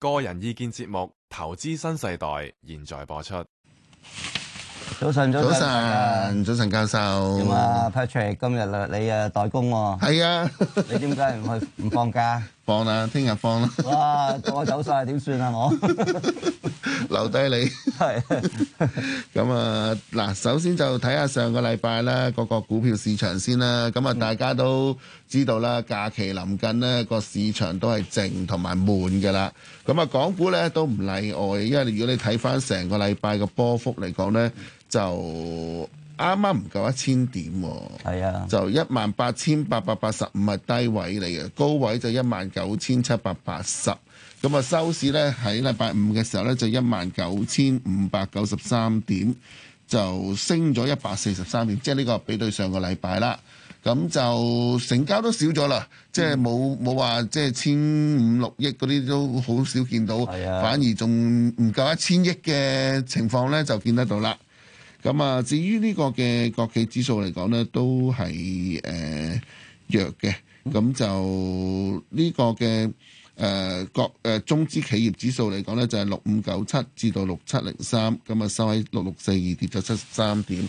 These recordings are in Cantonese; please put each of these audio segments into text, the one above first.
個人意見節目《投資新世代》現在播出。早晨，早晨，早晨，教授。點啊，Patrick？今日你啊代工喎。係啊。 你點解唔去唔放假？放啦，聽日放啦。哇，我走晒點算啊我，留低下你。係，咁啊嗱，首先就睇下上個禮拜啦，各個股票市場先啦。咁啊，大家都知道啦，假期臨近呢個市場都係靜同埋悶噶啦。咁啊，港股呢都唔例外，因為如果你睇翻成個禮拜個波幅嚟講呢，就。啱啱唔夠一千點喎，就一萬八千八百八十五係低位嚟嘅，高位就一萬九千七百八十。咁啊，收市呢，喺禮拜五嘅時候呢，就一萬九千五百九十三點，就升咗一百四十三點，即係呢個比對上個禮拜啦。咁就成交都少咗啦，即係冇冇話即係千五六億嗰啲都好少見到，反而仲唔夠一千億嘅情況呢，就見得到啦。咁啊，至於呢個嘅國企指數嚟講呢，都係誒、呃、弱嘅。咁就呢個嘅誒、國、呃呃、中資企業指數嚟講呢，就係六五九七至到六七零三，咁啊收喺六六四二，跌咗七十三點。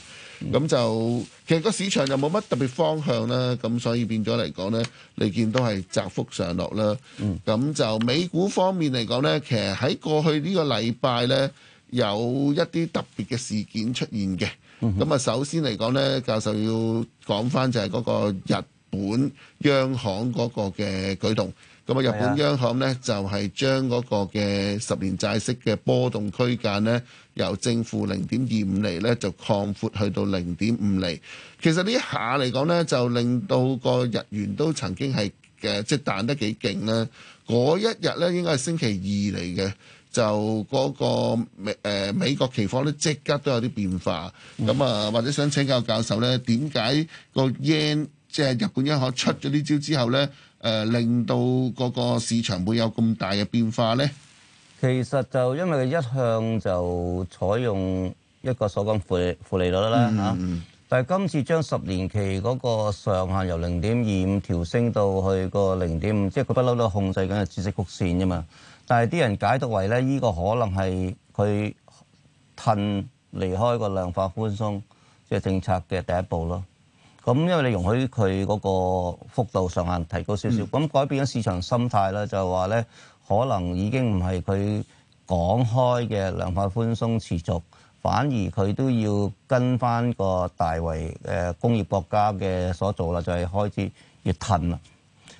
咁就其實個市場又冇乜特別方向啦。咁所以變咗嚟講呢，你見都係窄幅上落啦。咁、嗯、就美股方面嚟講呢，其實喺過去呢個禮拜呢。有一啲特別嘅事件出現嘅，咁、嗯、啊首先嚟講呢，教授要講翻就係嗰個日本央行嗰個嘅舉動。咁啊，日本央行呢，就係將嗰個嘅十年債息嘅波動區間呢，由正負零點二五厘咧就擴闊去到零點五厘。其實呢一下嚟講呢，就令到個日元都曾經係嘅即係彈得幾勁咧。嗰一日呢，應該係星期二嚟嘅。就嗰個美誒美國期貨咧，即刻都有啲變化。咁啊，或者想請教教授咧，點解個 yen 即係日本央行出咗呢招之後咧，誒令到嗰個市場會有咁大嘅變化咧？其實就因為佢一向就採用一個所講負負利率啦嚇，但係今次將十年期嗰個上限由零點二五調升到去個零點五，即係佢不嬲都控制緊個孳息曲線啫嘛。但係啲人解讀為咧，呢、這個可能係佢褪離開個量化寬鬆即係、就是、政策嘅第一步咯。咁因為你容許佢嗰個幅度上限提高少少，咁、嗯、改變咗市場心態啦，就係話咧，可能已經唔係佢講開嘅量化寬鬆持續，反而佢都要跟翻個大圍誒工業國家嘅所做啦，就係、是、開始要褪啦。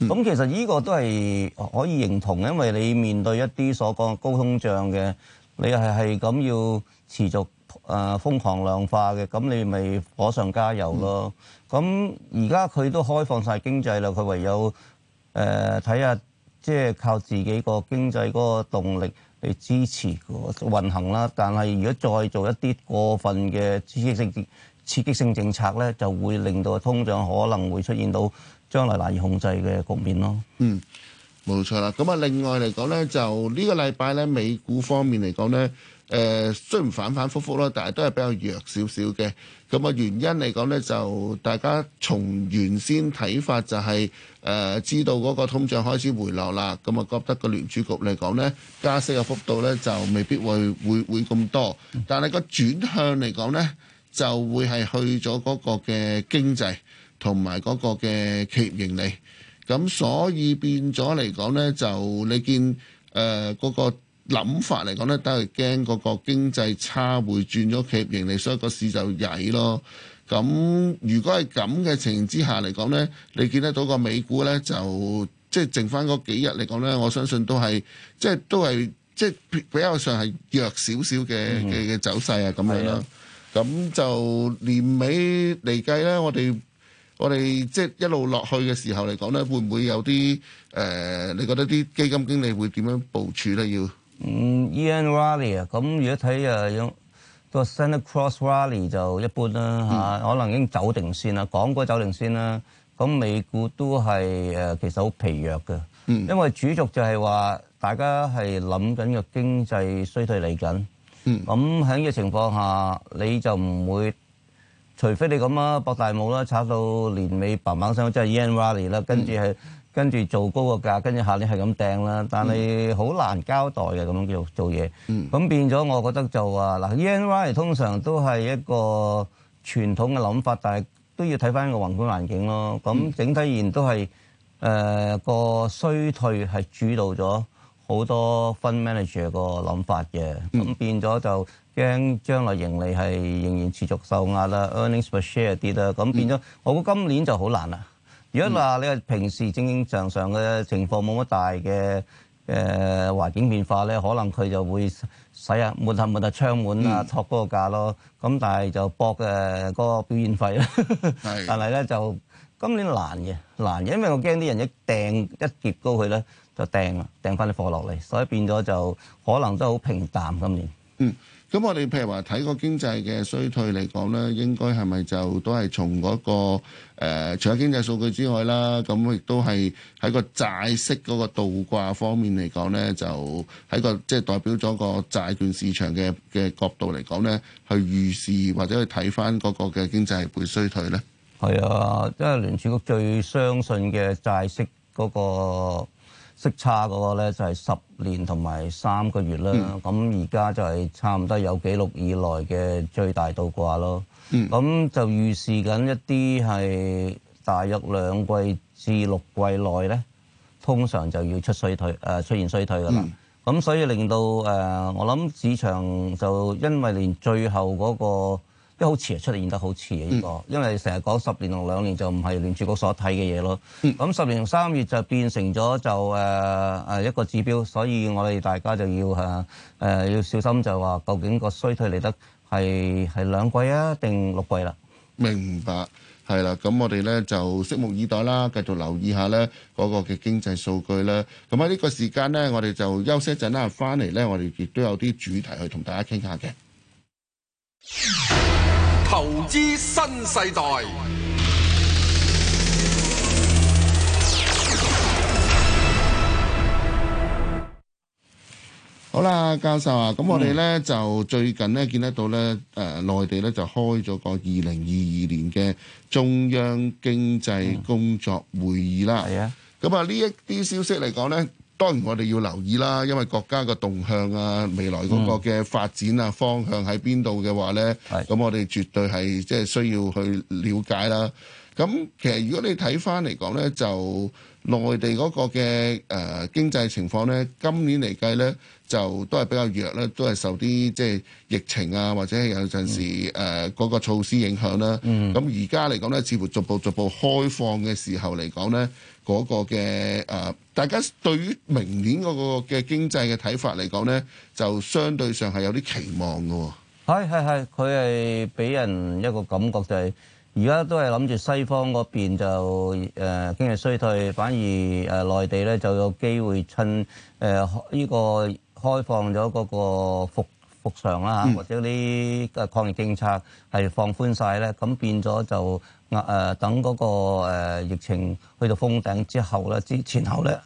咁、嗯、其實呢個都係可以認同，因為你面對一啲所講嘅高通脹嘅，你係，係咁要持續誒瘋、呃、狂量化嘅，咁你咪火上加油咯。咁而家佢都開放晒經濟啦，佢唯有誒睇下即係靠自己個經濟嗰個動力嚟支持個運行啦。但係，如果再做一啲過分嘅刺激性刺激性政策咧，就會令到通脹可能會出現到。將來難以控制嘅局面咯。嗯，冇錯啦。咁啊，另外嚟講呢，就呢個禮拜呢，美股方面嚟講呢，誒，雖然反反覆覆咯，但係都係比較弱少少嘅。咁啊，原因嚟講呢，就大家從原先睇法就係誒，知道嗰個通脹開始回落啦。咁啊，覺得個聯儲局嚟講呢，加息嘅幅度呢就未必會會會咁多。但係個轉向嚟講呢，就會係去咗嗰個嘅經濟。同埋嗰個嘅企業盈利，咁所以變咗嚟講咧，就你見誒嗰個諗法嚟講咧，都係驚嗰個經濟差會轉咗企業盈利，所以個市就曳咯。咁如果係咁嘅情形之下嚟講咧，你見得到個美股咧，就即係剩翻嗰幾日嚟講咧，我相信都係即係都係即係比較上係弱少少嘅嘅嘅走勢啊咁樣啦。咁就年尾嚟計咧，我哋。我哋即係一路落去嘅時候嚟講咧，會唔會有啲誒、呃？你覺得啲基金經理會點樣部署咧？要嗯 Earnings Rally 啊，咁如果睇啊，個 Santa Claus Rally 就一般啦吓、嗯啊，可能已經先走定線啦，港股走定線啦。咁美股都係誒，其實好疲弱嘅、嗯，因為主軸就係話大家係諗緊嘅經濟衰退嚟緊。咁喺呢個情況下，你就唔會。除非你咁啊，博大霧啦，炒到年尾嘭嘭聲，即係 Yen Rally 啦，跟住係跟住做高個價，跟住下年係咁掟啦。但係好難交代嘅咁樣做做嘢。咁、嗯、變咗，我覺得就話嗱 Yen Rally 通常都係一個傳統嘅諗法，但係都要睇翻個宏觀環境咯。咁整體而言都係誒、呃、個衰退係主導咗。好多 fund manager 個諗法嘅，咁變咗就驚將來盈利係仍然持續受壓啦，earnings per share 啲啦，咁變咗我估今年就好難啦。如果話、嗯、你係平時正正常常嘅情況冇乜大嘅誒、呃、環境變化咧，可能佢就會使下抹下抹下窗門啊，託、嗯、嗰個價咯。咁但係就搏誒嗰個表現費啦。 但係咧就今年難嘅，難嘅，因為我驚啲人一掟一跌高佢咧。就掟啦，掟翻啲貨落嚟，所以變咗就可能都好平淡今年。嗯，咁我哋譬如話睇個經濟嘅衰退嚟講咧，應該係咪就都係從嗰個、呃、除咗經濟數據之外啦，咁亦都係喺個債息嗰個倒掛方面嚟講咧，就喺個即係、就是、代表咗個債券市場嘅嘅角度嚟講咧，去預示或者去睇翻嗰個嘅經濟係會衰退咧。係啊，因為聯儲局最相信嘅債息嗰個。息差嗰個咧就係十年同埋三個月啦，咁而家就係差唔多有記錄以來嘅最大倒掛咯。咁、嗯、就預示緊一啲係大約兩季至六季內咧，通常就要出衰退誒、呃、出現衰退噶啦。咁、嗯、所以令到誒、呃、我諗市場就因為連最後嗰、那個。都好遲啊，出嚟現得好遲啊，呢、嗯、個，因為成日講十年同兩年就唔係聯儲局所睇嘅嘢咯。咁、嗯、十年同三月就變成咗就誒誒、呃、一個指標，所以我哋大家就要嚇誒、呃、要小心，就話究竟個衰退嚟得係係兩季啊，定六季啦、啊。明白，係啦，咁我哋咧就拭目以待啦，繼續留意一下咧嗰個嘅經濟數據啦。咁喺呢個時間咧，我哋就休息一陣啦，翻嚟咧，我哋亦都有啲主題去同大家傾下嘅。投資新世代。好啦，教授啊，咁我哋呢就最近呢見得到呢，誒，內地呢就開咗個二零二二年嘅中央經濟工作會議啦。係啊，咁啊呢一啲消息嚟講呢。當然我哋要留意啦，因為國家嘅動向啊，未來嗰個嘅發展啊方向喺邊度嘅話呢，咁、嗯、我哋絕對係即係需要去了解啦。咁其實如果你睇翻嚟講呢，就內地嗰個嘅誒、呃、經濟情況呢，今年嚟計呢，就都係比較弱呢，都係受啲即係疫情啊，或者係有陣時誒嗰、嗯呃那個措施影響啦、啊。咁而家嚟講呢，似乎逐步逐步開放嘅時候嚟講呢，嗰、那個嘅誒、呃、大家對於明年嗰個嘅經濟嘅睇法嚟講呢，就相對上係有啲期望嘅喎、哦。係係係，佢係俾人一個感覺就係、是。而家都係諗住西方嗰邊就誒、呃、經濟衰退，反而誒、呃、內地咧就有機會趁誒呢、呃這個開放咗嗰個復。復常啦，或者啲嘅抗疫政策係放寬晒咧，咁變咗就壓誒、呃、等嗰、那個誒、呃、疫情去到封頂之後咧，之前後咧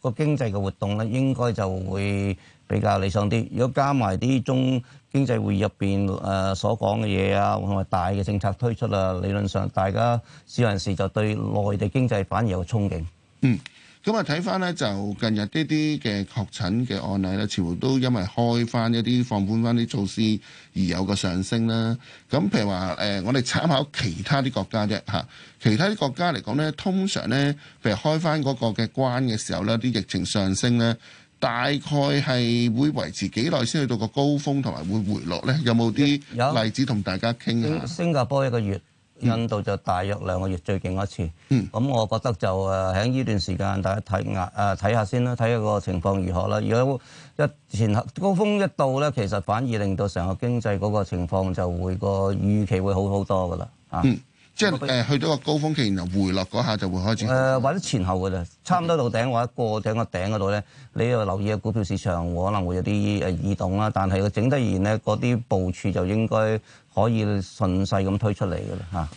個經濟嘅活動咧應該就會比較理想啲。如果加埋啲中經濟會議入邊誒所講嘅嘢啊，同埋大嘅政策推出啊，理論上大家少人時就對內地經濟反而有憧憬。嗯。咁啊，睇翻咧就近日呢啲嘅確診嘅案例咧，似乎都因為開翻一啲放寬翻啲措施而有個上升啦。咁譬如話，誒，我哋參考其他啲國家啫吓，其他啲國家嚟講咧，通常咧，譬如開翻嗰個嘅關嘅時候咧，啲疫情上升咧，大概係會維持幾耐先去到個高峰，同埋會回落咧？有冇啲例子同大家傾下？新加坡一個月。嗯、印度就大約兩個月最勁一次，咁、嗯、我覺得就誒喺呢段時間，大家睇壓誒睇下先啦，睇下個情況如何啦。如果一前高峰一到咧，其實反而令到成個經濟嗰個情況就會個預期會好好多㗎喇吓。嗯即係誒、呃、去到個高峰期，然後回落嗰下就會開始、呃。或者前後嘅啦，差唔多到頂或者過頂個頂嗰度咧，你要留意下股票市場，可能會有啲誒異動啦。但係個整體而言咧，嗰啲部署就應該可以順勢咁推出嚟嘅啦嚇。